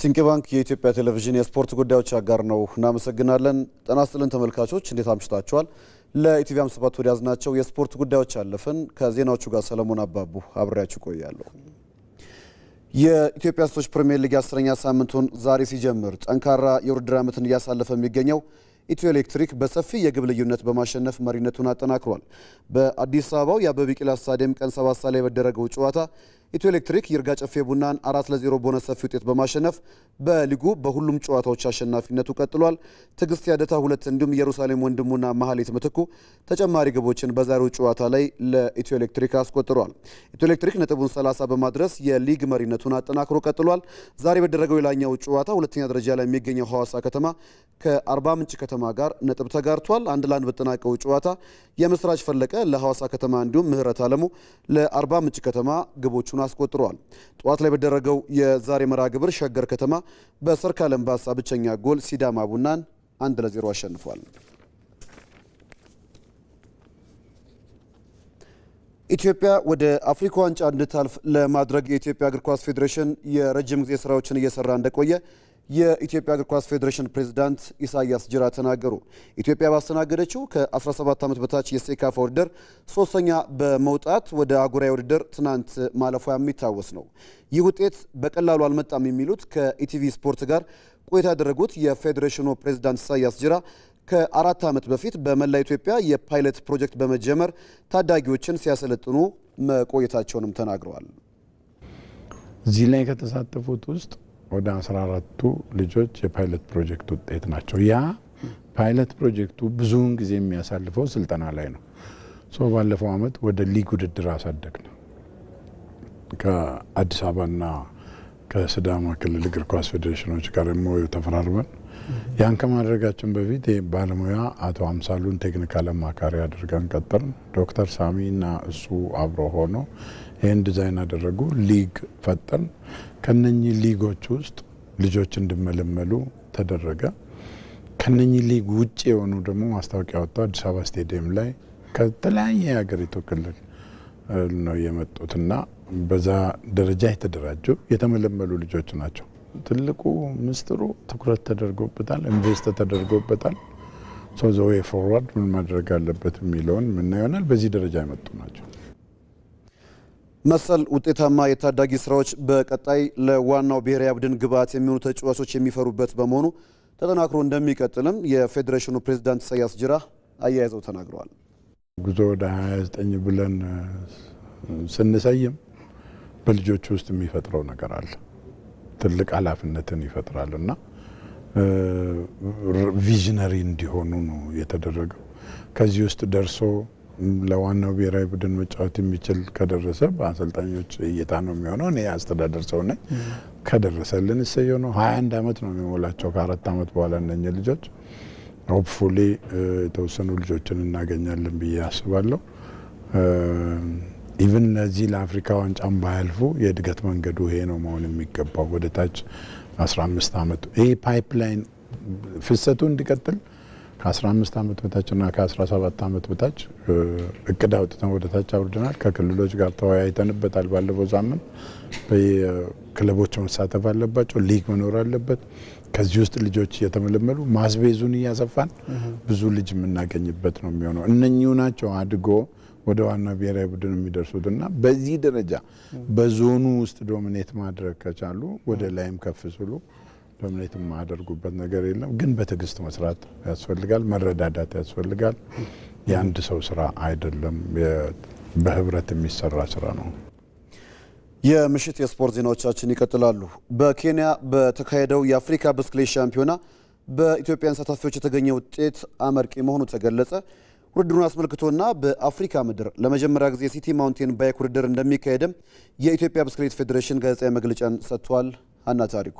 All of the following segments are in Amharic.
ሲንቄ ባንክ የኢትዮጵያ ቴሌቪዥን የስፖርት ጉዳዮች አጋር ነው። እናመሰግናለን። ጤና ይስጥልን ተመልካቾች፣ እንዴት አምሽታችኋል? ለኢቲቪ አምስት ወደ ያዝናቸው የስፖርት ጉዳዮች አለፍን። ከዜናዎቹ ጋር ሰለሞን አባቡ አብሬያችሁ ቆያለሁ። የኢትዮጵያ ሴቶች ፕሪምየር ሊግ አስረኛ ሳምንቱን ዛሬ ሲጀምር ጠንካራ የውድድር ዓመትን እያሳለፈ የሚገኘው ኢትዮ ኤሌክትሪክ በሰፊ የግብ ልዩነት በማሸነፍ መሪነቱን አጠናክሯል። በአዲስ አበባው የአበበ ቢቂላ ስታዲየም ቀን ሰባት ሰዓት ላይ በደረገው ጨዋታ ኢትዮ ኤሌክትሪክ ይርጋ ጨፌ ቡናን አራት ለዜሮ በሆነ ሰፊ ውጤት በማሸነፍ በሊጉ በሁሉም ጨዋታዎች አሸናፊነቱ ቀጥሏል። ትዕግስት ያደታ ሁለት እንዲሁም ኢየሩሳሌም ወንድሙና መሀሌት ምትኩ ተጨማሪ ግቦችን በዛሬው ጨዋታ ላይ ለኢትዮ ኤሌክትሪክ አስቆጥሯል። ኢትዮ ኤሌክትሪክ ነጥቡን 30 በማድረስ የሊግ መሪነቱን አጠናክሮ ቀጥሏል። ዛሬ በደረገው የላኛው ጨዋታ ሁለተኛ ደረጃ ላይ የሚገኘው ሐዋሳ ከተማ ከአርባ ምንጭ ከተማ ጋር ነጥብ ተጋርቷል። አንድ ለአንድ በተጠናቀው ጨዋታ የምስራች ፈለቀ ለሐዋሳ ከተማ እንዲሁም ምህረት አለሙ ለአርባ ምንጭ ከተማ ግቦቹን አሸናፊነቱን አስቆጥሯል። ጠዋት ላይ በደረገው የዛሬ መርሃ ግብር ሸገር ከተማ በሰርካለም ባሳ ብቸኛ ጎል ሲዳማ ቡናን አንድ ለዜሮ አሸንፏል። ኢትዮጵያ ወደ አፍሪካ ዋንጫ እንድታልፍ ለማድረግ የኢትዮጵያ እግር ኳስ ፌዴሬሽን የረጅም ጊዜ ስራዎችን እየሰራ እንደቆየ የኢትዮጵያ እግር ኳስ ፌዴሬሽን ፕሬዝዳንት ኢሳያስ ጅራ ተናገሩ። ኢትዮጵያ ባስተናገደችው ከ17 ዓመት በታች የሴካፋ ውድድር ሶስተኛ በመውጣት ወደ አጉራዊ ውድድር ትናንት ማለፏ የሚታወስ ነው። ይህ ውጤት በቀላሉ አልመጣም የሚሉት ከኢቲቪ ስፖርት ጋር ቆይታ ያደረጉት የፌዴሬሽኑ ፕሬዝዳንት ኢሳያስ ጅራ ከአራት ዓመት በፊት በመላ ኢትዮጵያ የፓይለት ፕሮጀክት በመጀመር ታዳጊዎችን ሲያሰለጥኑ መቆየታቸውንም ተናግረዋል። እዚህ ላይ ከተሳተፉት ውስጥ ወደ 14ቱ ልጆች የፓይለት ፕሮጀክት ውጤት ናቸው። ያ ፓይለት ፕሮጀክቱ ብዙውን ጊዜ የሚያሳልፈው ስልጠና ላይ ነው። ሶ ባለፈው አመት ወደ ሊግ ውድድር አሳደግ ነው። ከአዲስ አበባና ከስዳማ ክልል እግር ኳስ ፌዴሬሽኖች ጋር ደግሞ ተፈራርበን ያን ከማድረጋችን በፊት ባለሙያ አቶ አምሳሉን ቴክኒካል አማካሪ አድርገን ቀጠርን። ዶክተር ሳሚ እና እሱ አብሮ ሆኖ ይህን ዲዛይን አደረጉ። ሊግ ፈጠን። ከነኚህ ሊጎች ውስጥ ልጆች እንዲመለመሉ ተደረገ። ከነኚህ ሊግ ውጭ የሆኑ ደግሞ ማስታወቂያ ወጥተው አዲስ አበባ ስቴዲየም ላይ ከተለያየ የሀገሪቱ ክልል ነው የመጡትና በዛ ደረጃ የተደራጁ የተመለመሉ ልጆች ናቸው። ትልቁ ምስጢሩ ትኩረት ተደርጎበታል፣ ኢንቨስት ተደርጎበታል። ሶ ዘ ዌይ ፎርዋርድ ምን ማድረግ አለበት የሚለውን ምና ይሆናል። በዚህ ደረጃ የመጡ ናቸው። መሰል ውጤታማ የታዳጊ ስራዎች በቀጣይ ለዋናው ብሔራዊ ቡድን ግብዓት የሚሆኑ ተጫዋቾች የሚፈሩበት በመሆኑ ተጠናክሮ እንደሚቀጥልም የፌዴሬሽኑ ፕሬዚዳንት ኢሳያስ ጅራ አያይዘው ተናግረዋል። ጉዞ ወደ 29 ብለን ስንሰይም በልጆቹ ውስጥ የሚፈጥረው ነገር አለ ትልቅ ኃላፊነትን ይፈጥራል እና ቪዥነሪ እንዲሆኑ ነው የተደረገው። ከዚህ ውስጥ ደርሶ ለዋናው ብሔራዊ ቡድን መጫወት የሚችል ከደረሰ በአሰልጣኞች እይታ ነው የሚሆነው። እኔ አስተዳደር ሰው ነኝ። ከደረሰልን እሰየው ነው። ሀያ አንድ አመት ነው የሚሞላቸው ከአራት አመት በኋላ እነኝህ ልጆች ሆፕፉሊ የተወሰኑ ልጆችን እናገኛለን ብዬ አስባለሁ። ኢቨን እነዚህ ለአፍሪካ ዋንጫም ባያልፉ የእድገት መንገዱ ይሄ ነው መሆን የሚገባው። ወደ ታች 15 ዓመቱ ይህ ፓይፕላይን ፍሰቱ እንዲቀጥል ከ15 ዓመት በታችና ከ17 ዓመት በታች እቅድ አውጥተን ወደ ታች አውርደናል። ከክልሎች ጋር ተወያይተንበታል። ባለፈው ሳምንት ክለቦች መሳተፍ አለባቸው። ሊግ መኖር አለበት። ከዚህ ውስጥ ልጆች እየተመለመሉ ማስቤዙን እያሰፋን ብዙ ልጅ የምናገኝበት ነው የሚሆነው። እነኚሁ ናቸው አድጎ ወደ ዋናው ብሔራዊ ቡድን የሚደርሱት እና በዚህ ደረጃ በዞኑ ውስጥ ዶሚኔት ማድረግ ከቻሉ ወደ ላይም ከፍ ስሉ ዶሚኔት የማያደርጉበት ነገር የለም። ግን በትዕግስት መስራት ያስፈልጋል፣ መረዳዳት ያስፈልጋል። የአንድ ሰው ስራ አይደለም፣ በህብረት የሚሰራ ስራ ነው። የምሽት የስፖርት ዜናዎቻችን ይቀጥላሉ። በኬንያ በተካሄደው የአፍሪካ ብስክሌት ሻምፒዮና በኢትዮጵያን ተሳታፊዎች የተገኘ ውጤት አመርቂ መሆኑ ተገለጸ። ውድድሩን አስመልክቶና በአፍሪካ ምድር ለመጀመሪያ ጊዜ ሲቲ ማውንቴን ባይክ ውድድር እንደሚካሄድም የኢትዮጵያ ብስክሌት ፌዴሬሽን ጋዜጣዊ መግለጫን ሰጥቷል። አና ታሪኩ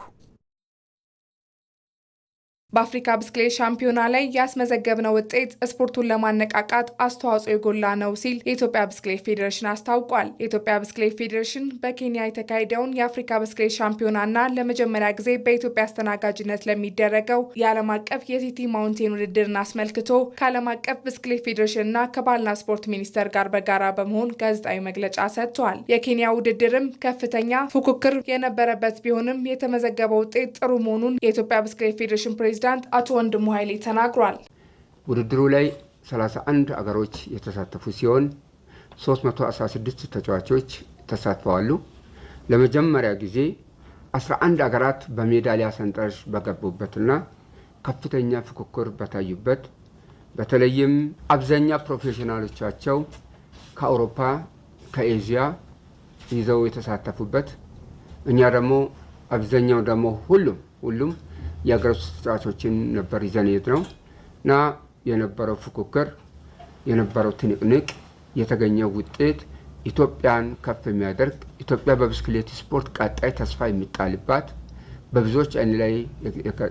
በአፍሪካ ብስክሌት ሻምፒዮና ላይ ያስመዘገብነው ውጤት ስፖርቱን ለማነቃቃት አስተዋጽኦ የጎላ ነው ሲል የኢትዮጵያ ብስክሌት ፌዴሬሽን አስታውቋል። የኢትዮጵያ ብስክሌት ፌዴሬሽን በኬንያ የተካሄደውን የአፍሪካ ብስክሌት ሻምፒዮናና ለመጀመሪያ ጊዜ በኢትዮጵያ አስተናጋጅነት ለሚደረገው የዓለም አቀፍ የሲቲ ማውንቴን ውድድርን አስመልክቶ ከዓለም አቀፍ ብስክሌት ፌዴሬሽንና ከባህልና ስፖርት ሚኒስቴር ጋር በጋራ በመሆን ጋዜጣዊ መግለጫ ሰጥቷል። የኬንያ ውድድርም ከፍተኛ ፉክክር የነበረበት ቢሆንም የተመዘገበው ውጤት ጥሩ መሆኑን የኢትዮጵያ ብስክሌት ፌዴሬሽን ፕሬዚዳንት አቶ ወንድሙ ኃይሌ ተናግሯል። ውድድሩ ላይ 31 አገሮች የተሳተፉ ሲሆን 316 ተጫዋቾች ተሳትፈዋሉ። ለመጀመሪያ ጊዜ 11 አገራት በሜዳሊያ ሰንጠረዥ በገቡበትና ከፍተኛ ፉክክር በታዩበት በተለይም አብዛኛ ፕሮፌሽናሎቻቸው ከአውሮፓ ከኤዥያ ይዘው የተሳተፉበት እኛ ደግሞ አብዛኛው ደግሞ ሁሉም ሁሉም የሀገር ውስጥ ጥራቶችን ነበር ይዘን የት ነው እና የነበረው ፉክክር የነበረው ትንቅንቅ የተገኘው ውጤት ኢትዮጵያን ከፍ የሚያደርግ ኢትዮጵያ በብስክሌት ስፖርት ቀጣይ ተስፋ የሚጣልባት በብዙዎች አይን ላይ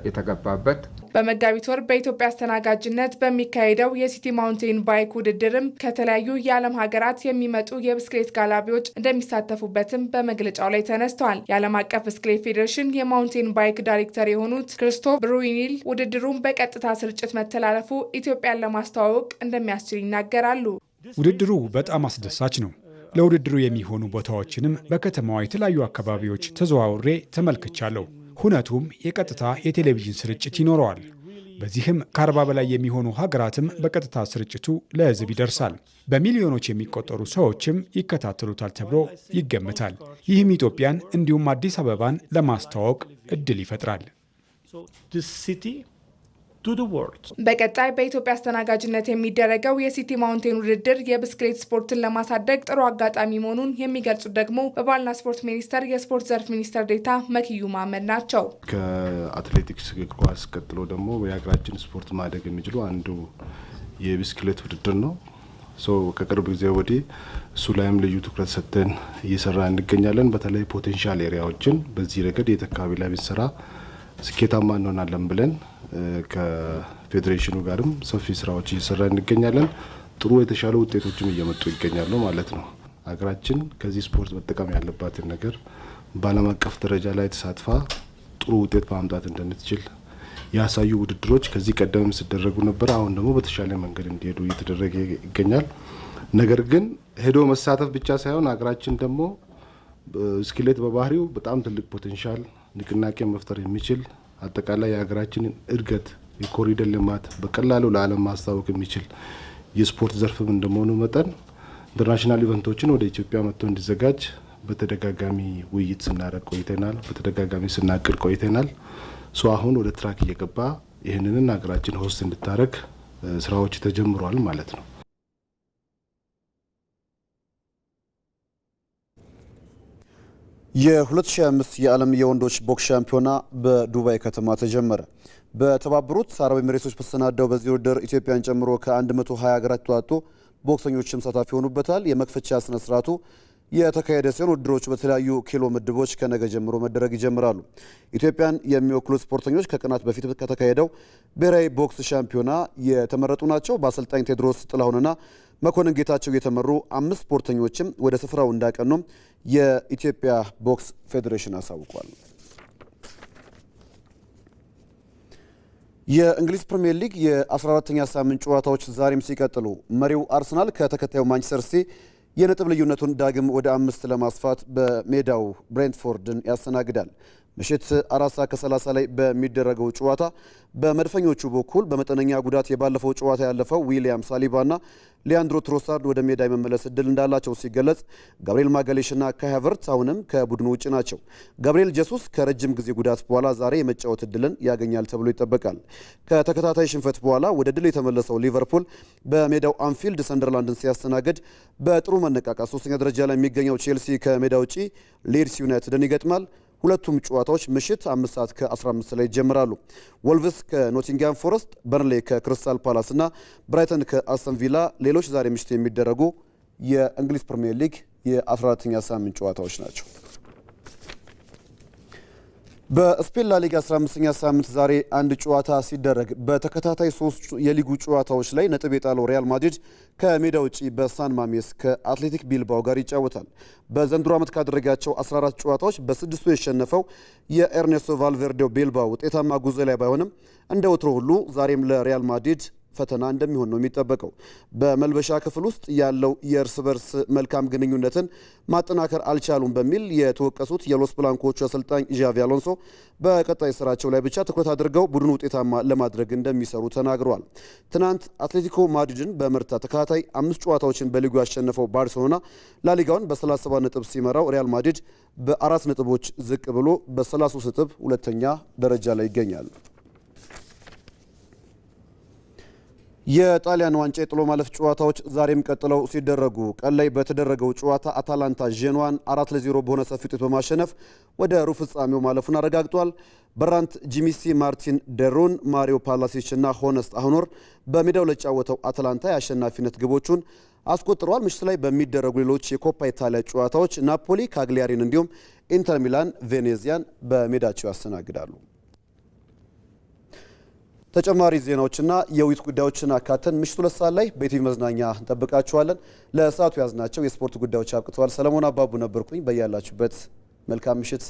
የተገባበት በመጋቢት ወር በኢትዮጵያ አስተናጋጅነት በሚካሄደው የሲቲ ማውንቴን ባይክ ውድድርም ከተለያዩ የዓለም ሀገራት የሚመጡ የብስክሌት ጋላቢዎች እንደሚሳተፉበትም በመግለጫው ላይ ተነስተዋል። የዓለም አቀፍ ብስክሌት ፌዴሬሽን የማውንቴን ባይክ ዳይሬክተር የሆኑት ክርስቶፍ ብሩዊኒል ውድድሩን በቀጥታ ስርጭት መተላለፉ ኢትዮጵያን ለማስተዋወቅ እንደሚያስችል ይናገራሉ። ውድድሩ በጣም አስደሳች ነው። ለውድድሩ የሚሆኑ ቦታዎችንም በከተማዋ የተለያዩ አካባቢዎች ተዘዋውሬ ተመልክቻለሁ። ሁነቱም የቀጥታ የቴሌቪዥን ስርጭት ይኖረዋል። በዚህም ከአርባ በላይ የሚሆኑ ሀገራትም በቀጥታ ስርጭቱ ለህዝብ ይደርሳል። በሚሊዮኖች የሚቆጠሩ ሰዎችም ይከታተሉታል ተብሎ ይገምታል። ይህም ኢትዮጵያን እንዲሁም አዲስ አበባን ለማስተዋወቅ እድል ይፈጥራል። በቀጣይ በኢትዮጵያ አስተናጋጅነት የሚደረገው የሲቲ ማውንቴን ውድድር የብስክሌት ስፖርትን ለማሳደግ ጥሩ አጋጣሚ መሆኑን የሚገልጹት ደግሞ በባህልና ስፖርት ሚኒስቴር የስፖርት ዘርፍ ሚኒስትር ዴኤታ መክዩ ማመድ ናቸው። ከአትሌቲክስ፣ እግር ኳስ ቀጥሎ ደግሞ የሀገራችን ስፖርት ማደግ የሚችሉ አንዱ የብስክሌት ውድድር ነው። ከቅርብ ጊዜ ወዲህ እሱ ላይም ልዩ ትኩረት ሰጥተን እየሰራ እንገኛለን። በተለይ ፖቴንሻል ኤሪያዎችን በዚህ ረገድ የተካባቢ ላይ ብንሰራ ስኬታማ እንሆናለን ብለን ከፌዴሬሽኑ ጋርም ሰፊ ስራዎች እየሰራ እንገኛለን። ጥሩ የተሻለ ውጤቶችም እየመጡ ይገኛሉ ማለት ነው። ሀገራችን ከዚህ ስፖርት መጠቀም ያለባትን ነገር በዓለም አቀፍ ደረጃ ላይ ተሳትፋ ጥሩ ውጤት ማምጣት እንደምትችል ያሳዩ ውድድሮች ከዚህ ቀደምም ሲደረጉ ነበር። አሁን ደግሞ በተሻለ መንገድ እንዲሄዱ እየተደረገ ይገኛል። ነገር ግን ሄዶ መሳተፍ ብቻ ሳይሆን ሀገራችን ደግሞ ብስክሌት በባህሪው በጣም ትልቅ ፖቴንሻል ንቅናቄ መፍጠር የሚችል አጠቃላይ የሀገራችንን እድገት የኮሪደር ልማት በቀላሉ ለዓለም ማስታወቅ የሚችል የስፖርት ዘርፍም እንደመሆኑ መጠን ኢንተርናሽናል ኢቨንቶችን ወደ ኢትዮጵያ መጥቶ እንዲዘጋጅ በተደጋጋሚ ውይይት ስናደርግ ቆይተናል። በተደጋጋሚ ስናቅድ ቆይተናል። ሶ አሁን ወደ ትራክ እየገባ ይህንንን ሀገራችን ሆስት እንድታደረግ ስራዎች ተጀምሯል ማለት ነው። የ2025 የዓለም የወንዶች ቦክስ ሻምፒዮና በዱባይ ከተማ ተጀመረ። በተባበሩት አረብ ኤሚሬቶች በተሰናዳው በዚህ ውድድር ኢትዮጵያን ጨምሮ ከ120 ሀገራት የተውጣጡ ቦክሰኞችም ሳታፊ ይሆኑበታል። የመክፈቻ ስነ ስርዓቱ የተካሄደ ሲሆን ውድድሮቹ በተለያዩ ኪሎ ምድቦች ከነገ ጀምሮ መደረግ ይጀምራሉ። ኢትዮጵያን የሚወክሉ ስፖርተኞች ከቀናት በፊት ከተካሄደው ብሔራዊ ቦክስ ሻምፒዮና የተመረጡ ናቸው። በአሰልጣኝ ቴድሮስ ጥላሁንና መኮንን ጌታቸው የተመሩ አምስት ስፖርተኞችም ወደ ስፍራው እንዳቀኑ የኢትዮጵያ ቦክስ ፌዴሬሽን አሳውቋል። የእንግሊዝ ፕሪምየር ሊግ የ14ተኛ ሳምንት ጨዋታዎች ዛሬም ሲቀጥሉ መሪው አርሰናል ከተከታዩ ማንቸስተር ሲቲ የነጥብ ልዩነቱን ዳግም ወደ አምስት ለማስፋት በሜዳው ብሬንትፎርድን ያስተናግዳል። ምሽት አራት ሰዓት ከ30 ላይ በሚደረገው ጨዋታ በመድፈኞቹ በኩል በመጠነኛ ጉዳት የባለፈው ጨዋታ ያለፈው ዊሊያም ሳሊባና ሊያንድሮ ትሮሳርድ ወደ ሜዳ የመመለስ እድል እንዳላቸው ሲገለጽ፣ ጋብርኤል ማጋሌሽና ካይ አሁንም ከቡድኑ ውጭ ናቸው። ጋብርኤል ጀሱስ ከረጅም ጊዜ ጉዳት በኋላ ዛሬ የመጫወት እድልን ያገኛል ተብሎ ይጠበቃል። ከተከታታይ ሽንፈት በኋላ ወደ ድል የተመለሰው ሊቨርፑል በሜዳው አንፊልድ ሰንደርላንድን ሲያስተናግድ በጥሩ መነቃቃት ሶስተኛ ደረጃ ላይ የሚገኘው ቼልሲ ከሜዳ ውጪ ሊድስ ዩናይትድን ይገጥማል። ሁለቱም ጨዋታዎች ምሽት አምስት ሰዓት ከ15 ላይ ይጀምራሉ። ወልቭስ ከኖቲንግሃም ፎረስት፣ በርንሌ ከክሪስታል ፓላስ እና ብራይተን ከአስተን ቪላ ሌሎች ዛሬ ምሽት የሚደረጉ የእንግሊዝ ፕሪምየር ሊግ የ14ኛ ሳምንት ጨዋታዎች ናቸው። በስፔን ላሊጋ 15ኛ ሳምንት ዛሬ አንድ ጨዋታ ሲደረግ በተከታታይ ሶስት የሊጉ ጨዋታዎች ላይ ነጥብ የጣለው ሪያል ማድሪድ ከሜዳ ውጪ በሳን ማሜስ ከአትሌቲክ ቢልባው ጋር ይጫወታል። በዘንድሮ ዓመት ካደረጋቸው 14 ጨዋታዎች በስድስቱ የሸነፈው የኤርኔስቶ ቫልቬርዴው ቢልባው ውጤታማ ጉዞ ላይ ባይሆንም እንደ ወትሮ ሁሉ ዛሬም ለሪያል ማድሪድ ፈተና እንደሚሆን ነው የሚጠበቀው። በመልበሻ ክፍል ውስጥ ያለው የእርስ በርስ መልካም ግንኙነትን ማጠናከር አልቻሉም በሚል የተወቀሱት የሎስ ብላንኮቹ አሰልጣኝ ዣቪ አሎንሶ በቀጣይ ስራቸው ላይ ብቻ ትኩረት አድርገው ቡድኑ ውጤታማ ለማድረግ እንደሚሰሩ ተናግረዋል። ትናንት አትሌቲኮ ማድሪድን በምርታ ተከታታይ አምስት ጨዋታዎችን በሊጉ ያሸነፈው ባርሴሎና ላሊጋውን በ37 ነጥብ ሲመራው ሪያል ማድሪድ በአራት ነጥቦች ዝቅ ብሎ በ33 ነጥብ ሁለተኛ ደረጃ ላይ ይገኛል። የጣሊያን ዋንጫ የጥሎ ማለፍ ጨዋታዎች ዛሬም ቀጥለው ሲደረጉ ቀን ላይ በተደረገው ጨዋታ አታላንታ ዤንዋን አራት ለዜሮ በሆነ ሰፊ ውጤት በማሸነፍ ወደ ሩብ ፍጻሜው ማለፉን አረጋግጧል። በራንት ጂሚሲ፣ ማርቲን ደሩን፣ ማሪዮ ፓላሲች እና ሆነስት አሁኖር በሜዳው ለጫወተው አታላንታ የአሸናፊነት ግቦቹን አስቆጥረዋል። ምሽት ላይ በሚደረጉ ሌሎች የኮፓ ኢታሊያ ጨዋታዎች ናፖሊ ካግሊያሪን እንዲሁም ኢንተር ሚላን ቬኔዚያን በሜዳቸው ያስተናግዳሉ። ተጨማሪ ዜናዎችና የውይይት ጉዳዮችን አካተን ምሽቱ ሁለት ሰዓት ላይ በኢቲቪ መዝናኛ እንጠብቃችኋለን። ለሰዓቱ ያዝናቸው የስፖርት ጉዳዮች አብቅተዋል። ሰለሞን አባቡ ነበርኩኝ። በያላችሁበት መልካም ምሽት